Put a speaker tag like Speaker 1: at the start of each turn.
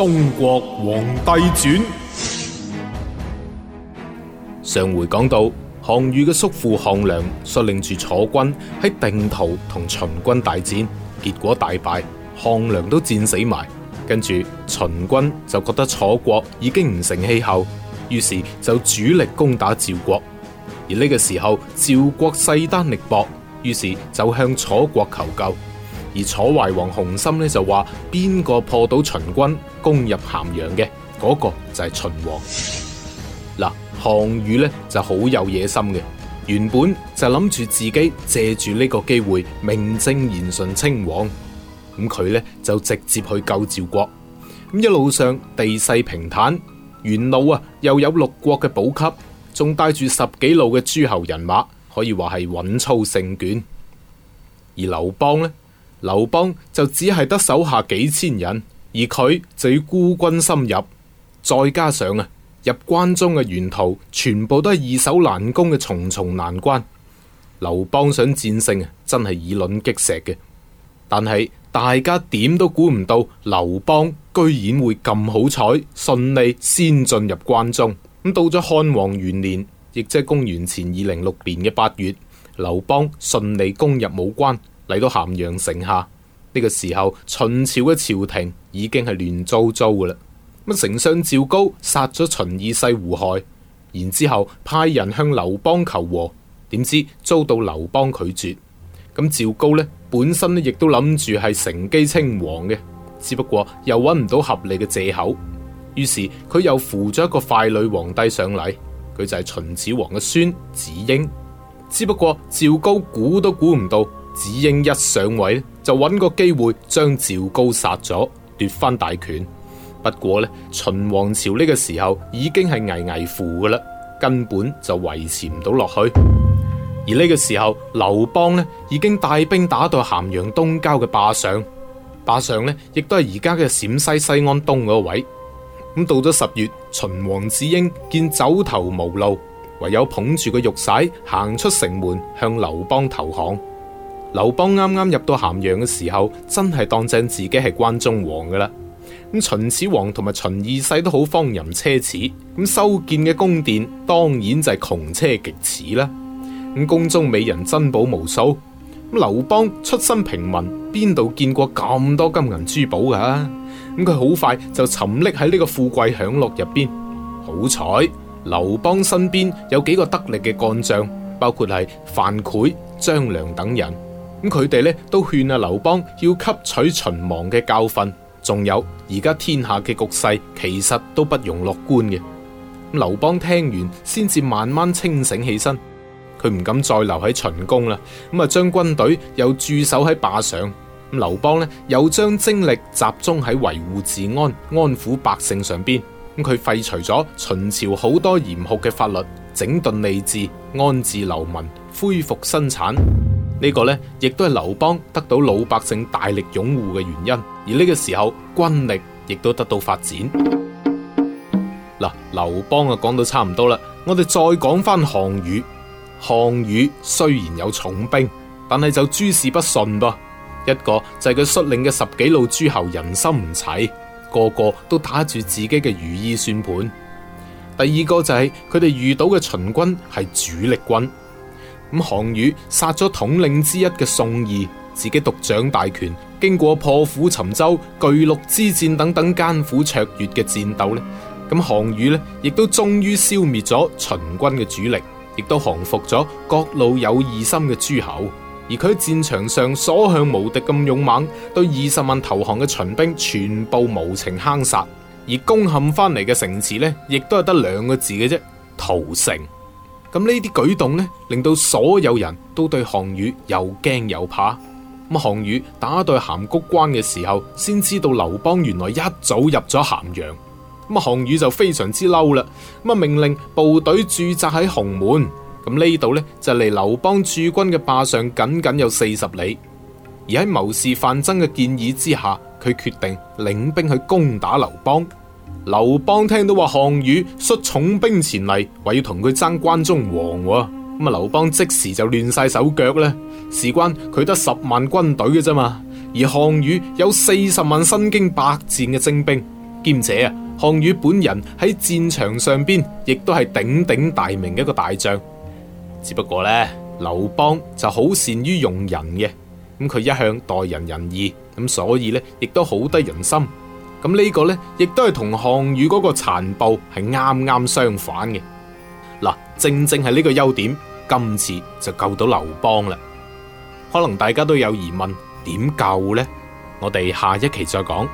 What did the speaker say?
Speaker 1: 《中國皇帝傳》上回講到，項羽嘅叔父項梁率領住楚軍喺定陶同秦軍大戰，結果大敗，項梁都戰死埋。跟住秦軍就覺得楚國已經唔成氣候，於是就主力攻打趙國。而呢個時候，趙國勢單力薄，於是就向楚國求救。.而楚懷王熊心呢，就話：邊個破到秦軍攻入咸陽嘅，嗰個就係秦王。嗱，項羽呢，就好有野心嘅，原本就諗住自己借住呢個機會名正言順稱王。咁佢呢，就直接去救趙國。咁一路上地勢平坦，沿路啊又有六國嘅補給，仲帶住十幾路嘅諸侯人馬，可以話係穩操勝券。而劉邦呢。劉邦就只係得手下幾千人，而佢就要孤軍深入，再加上啊入關中嘅沿途全部都係易守難攻嘅重重難關，劉邦想戰勝啊真係以卵擊石嘅。但係大家點都估唔到，劉邦居然會咁好彩，順利先進入關中。咁到咗漢王元年，亦即係公元前二零六年嘅八月，劉邦順利攻入武關。嚟到咸陽城下呢個時候，秦朝嘅朝廷已經係亂糟糟嘅啦。咁丞相趙高殺咗秦二世胡亥，然之後派人向劉邦求和，點知遭到劉邦拒絕。咁趙高呢本身亦都諗住係乘機稱王嘅，只不過又揾唔到合理嘅借口，於是佢又扶咗一個傀儡皇帝上嚟，佢就係秦始皇嘅孫子嬰。只不過趙高估都估唔到。子嬰一上位就揾個機會將趙高殺咗，奪翻大權。不過咧，秦王朝呢個時候已經係危危乎嘅啦，根本就維持唔到落去。而呢個時候，劉邦咧已經帶兵打到咸陽東郊嘅灞上，灞上咧亦都係而家嘅陝西西安東嗰位。咁到咗十月，秦王子嬰見走投無路，唯有捧住個玉璽行出城門向劉邦投降。劉邦啱啱入到咸陽嘅時候，真係當正自己係關中王噶啦。咁秦始皇同埋秦二世都好荒淫奢侈，咁修建嘅宮殿當然就係窮奢極侈啦。咁宮中美人珍寶無數，咁劉邦出身平民，邊度見過咁多金銀珠寶噶？咁佢好快就沉溺喺呢個富貴享樂入邊。好彩，劉邦身邊有幾個得力嘅幹將，包括係樊噲、張良等人。咁佢哋咧都勸阿劉邦要吸取秦亡嘅教訓，仲有而家天下嘅局勢其實都不容樂觀嘅。劉邦聽完，先至慢慢清醒起身，佢唔敢再留喺秦宮啦。咁啊，將軍隊又駐守喺霸上。咁劉邦咧又將精力集中喺維護治安、安撫百姓上邊。咁佢廢除咗秦朝好多嚴酷嘅法律，整頓吏治，安置流民，恢復生產。呢個呢，亦都係劉邦得到老百姓大力擁護嘅原因。而呢個時候，軍力亦都得到發展。嗱，劉邦啊，講到差唔多啦。我哋再講翻項羽。項羽雖然有重兵，但係就諸事不順噃。一個就係佢率領嘅十幾路諸侯人心唔齊，個個都打住自己嘅如意算盤。第二個就係佢哋遇到嘅秦軍係主力軍。咁項羽殺咗統領之一嘅宋義，自己獨掌大權。經過破釜沉舟、巨鹿之戰等等艱苦卓越嘅戰鬥呢，咁項羽呢亦都終於消滅咗秦軍嘅主力，亦都降服咗各路有異心嘅諸侯。而佢喺戰場上所向無敵咁勇猛，對二十萬投降嘅秦兵全部無情坑殺。而攻陷翻嚟嘅城池呢，亦都係得兩個字嘅啫：屠城。咁呢啲舉動呢，令到所有人都對項羽又驚又怕。咁項羽打到函谷關嘅時候，先知道劉邦原來一早入咗咸陽。咁啊，項羽就非常之嬲啦。咁啊，命令部隊駐紮喺鴻門。咁呢度呢，就離劉邦駐軍嘅霸上僅僅有四十里。而喺謀士范增嘅建議之下，佢決定領兵去攻打劉邦。劉邦聽到話項羽率重兵前嚟，話要同佢爭關中王，咁啊劉邦即時就亂晒手腳咧。事關佢得十萬軍隊嘅啫嘛，而項羽有四十萬身經百戰嘅精兵，兼且啊項羽本人喺戰場上邊亦都係鼎鼎大名嘅一個大將。只不過咧，劉邦就好善於用人嘅，咁佢一向待人仁義，咁所以咧亦都好得人心。咁呢個呢，亦都係同項羽嗰個殘暴係啱啱相反嘅。嗱，正正係呢個優點，今次就救到劉邦啦。可能大家都有疑問，點救呢？我哋下一期再講。